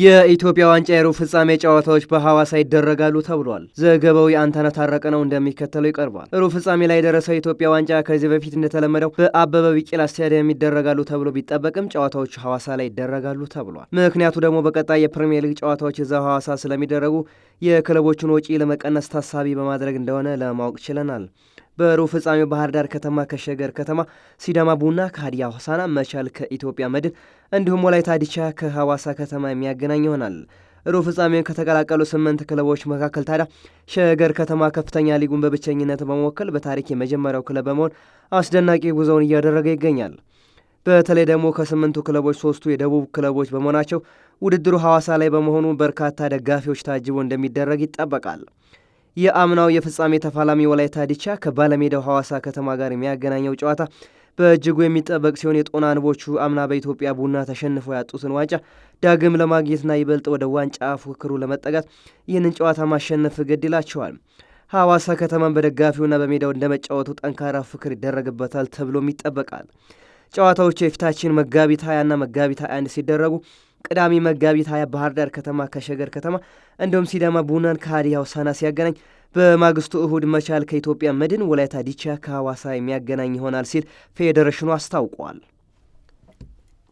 የኢትዮጵያ ዋንጫ የሩብ ፍጻሜ ጨዋታዎች በሐዋሳ ይደረጋሉ ተብሏል። ዘገባው የአንተነህ ታረቀ ነው፣ እንደሚከተለው ይቀርባል። ሩብ ፍጻሜ ላይ የደረሰው የኢትዮጵያ ዋንጫ ከዚህ በፊት እንደተለመደው በአበበ ቢቂላ ስታዲየም ይደረጋሉ ተብሎ ቢጠበቅም ጨዋታዎቹ ሐዋሳ ላይ ይደረጋሉ ተብሏል። ምክንያቱ ደግሞ በቀጣይ የፕሪምየር ሊግ ጨዋታዎች እዛው ሐዋሳ ስለሚደረጉ የክለቦቹን ወጪ ለመቀነስ ታሳቢ በማድረግ እንደሆነ ለማወቅ ችለናል። በሩብ ፍጻሜው ባህር ዳር ከተማ ከሸገር ከተማ፣ ሲዳማ ቡና ከሀዲያ ሆሳና፣ መቻል ከኢትዮጵያ መድን እንዲሁም ወላይታ ዲቻ ከሐዋሳ ከተማ የሚያገናኝ ይሆናል። ሩብ ፍጻሜውን ከተቀላቀሉ ስምንት ክለቦች መካከል ታዲያ ሸገር ከተማ ከፍተኛ ሊጉን በብቸኝነት በመወከል በታሪክ የመጀመሪያው ክለብ በመሆን አስደናቂ ጉዞውን እያደረገ ይገኛል። በተለይ ደግሞ ከስምንቱ ክለቦች ሶስቱ የደቡብ ክለቦች በመሆናቸው ውድድሩ ሐዋሳ ላይ በመሆኑ በርካታ ደጋፊዎች ታጅቦ እንደሚደረግ ይጠበቃል። የአምናው የፍጻሜ ተፋላሚ ወላይታ ዲቻ ከባለሜዳው ሐዋሳ ከተማ ጋር የሚያገናኘው ጨዋታ በእጅጉ የሚጠበቅ ሲሆን የጦና ንቦቹ አምና በኢትዮጵያ ቡና ተሸንፎ ያጡትን ዋንጫ ዳግም ለማግኘትና ይበልጥ ወደ ዋንጫ ፉክክሩ ለመጠጋት ይህንን ጨዋታ ማሸነፍ ግድ ይላቸዋል። ሐዋሳ ከተማን በደጋፊውና በሜዳው እንደመጫወቱ ጠንካራ ፉክክር ይደረግበታል ተብሎም ይጠበቃል። ጨዋታዎቹ የፊታችን መጋቢት 20ና መጋቢት 21 ሲደረጉ ቅዳሜ መጋቢት ሀያ ባህር ዳር ከተማ ከሸገር ከተማ እንዲሁም ሲዳማ ቡናን ከሀዲያው ሳና ሲያገናኝ በማግስቱ እሁድ መቻል ከኢትዮጵያ መድን ወላይታ ዲቻ ከሐዋሳ የሚያገናኝ ይሆናል ሲል ፌዴሬሽኑ አስታውቋል።